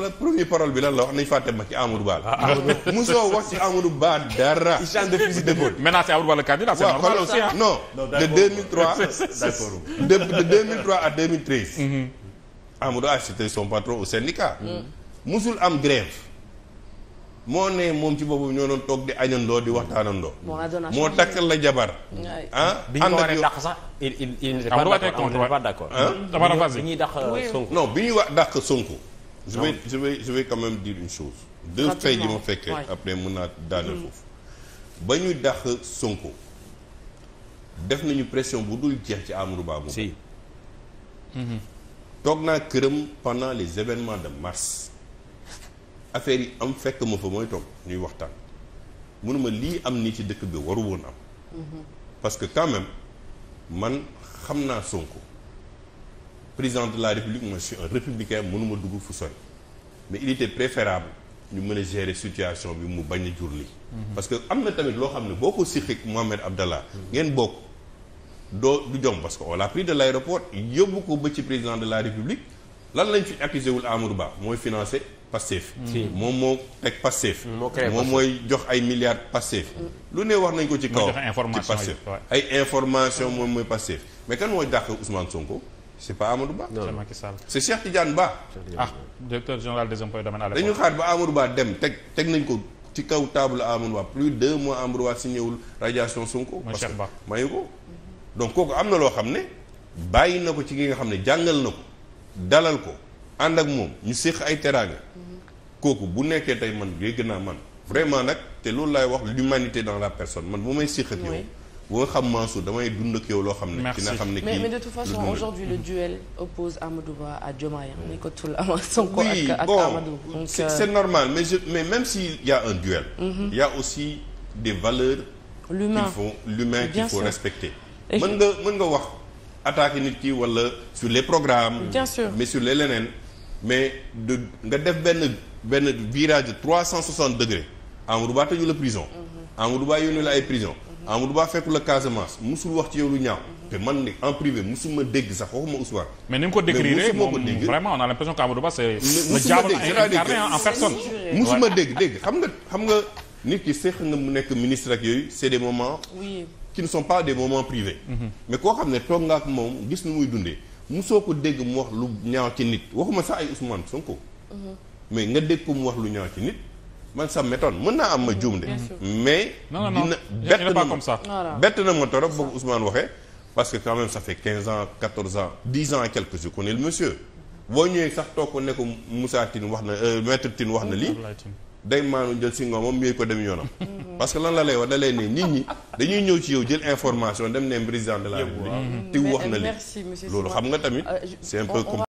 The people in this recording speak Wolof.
la première parole bi lan la wax nañ fàtte ma ci Amadou Ba la. ah musoo wax ci Amadou Ba dara. il change de fusil d'épaule. maintenant c'est Amadou Ba le candidat c'est normal aussi ah. non de 2003 d'accord de de 2003 à 2013. Mm-hmm. Amadou a acheté son patron au syndicat. Mm. musul am grève. moo ne moom ci boppam ñoo doon toog di añandoo di waxtaanandoo. moo takkal la jabar. ah ànd ak yow dàq sax. il il bi ñuy wax dàq je vais je vais je vais quand même dire une chose deux faits yi ma fekkee après mun naa daane mm. foofu ba ñuy dàq Sonko def nañu pression bu dul jeex ci Amadou Ba moom si mm-hmm. toog naa këram pendant les événements de mars affaire yi am fekk ma fa mooy toog ñuy waxtaan mënuma lii am nii ci dëkk bi waru woon am mm-hmm. parce que quand même man xam naa Sonko président de la république moi je suis un républicain mënuma dugg fu sori mais il préférable ñu mën a situation bi mu bañ a jur li mhm. parce que am na tamit loo xam ne boo ko siqik Mohamed Abdallah mhm. ngeen bokk doo du jom parce que pris de l'aéroport yóbbu ko ba ci président de la république lan lañ fi accusé wul Amadou Ba mooy financé Pastef mhm. moom moo teg Pastef moom mooy jox ay milliards Pastef lu ne wax nañ ko ci kaw ci Pastef ay information moom mooy Pastef mais kan mooy dàq Ousmane Sonko c' est pas Amadou Ba. non c' est Macky Ba. ah directeur général des impôts et domaines dañu xaar ba Amadou Ba dem teg teg nañ ko ci kaw table Amadou Ba plus de mois Amadou Ba signé wul radiation Sonko. mooy Cheikh Ba mayu ko. donc kooku am na loo xam ne bàyyi na ko ci ki nga xam ne jàngal na ko dalal ko ànd ak moom ñu séq ay teraanga mm-hmm. kooku bu nekkee tey man dégg naa man vraiment nag te loolu laay wax l'humanité dans la personne man bu may séq ak yow boo xam Mansour damay dund ak yow loo xam ne. merci dina xam ne kii mais de toute façon aujourd'hui oppose Amadou Ba à Diomaye. ni ko tull ama Sonko ak ak Amadou. donc c'est euh, normal a un duel. Mhm. il a aussi des nga mën nga wax ki wala sur les programmes. bien sûr mais leneen. mais de nga def benn benn virage de 360 degrés Amadou Ba tëju la prison. Mhm. Amadou Ba yónnee la ay prison. Amadou Ba fekkul la Casamance musul wax ci yow lu ñaaw. te man ne en privé musuma dégg sax waxuma Ousmane. mais ni ko décrire a l'impression dégg dégg xam nga xam nga nit ki seex nga mu nekk ministre ak yooyu c'est des moments. oui qui ne sont pas des moments privés. Mm-hmm. mais koo xam ne toog nga ak moom gis nu muy dundee musoo ko dégg mu wax lu ñaaw ci nit waxuma sax ay Ousmane Sonko. Mm-hmm. mais nga dégg ko mu wax lu ñaaw ci nit. man ça m'étonne mën naa am ma juum de. mais non non bett na ma bett na ma torop boog Ousmane waxee. parce que quand sa fe fait 15 ans 14 ans 10 ans et quelques je connais le monsieur. boo ñëwee sax toog ko ne ko Moussa Tine wax na euh, maître Tine wax na lii. day maanu jël si ngoomam yooyu ko dem yoonam. parce que lan la lay wax da lay nit ñi dañuy ñëw ci yow jël information dem ne président de la République. te wax na lii loolu xam nga tamit euh, c'est un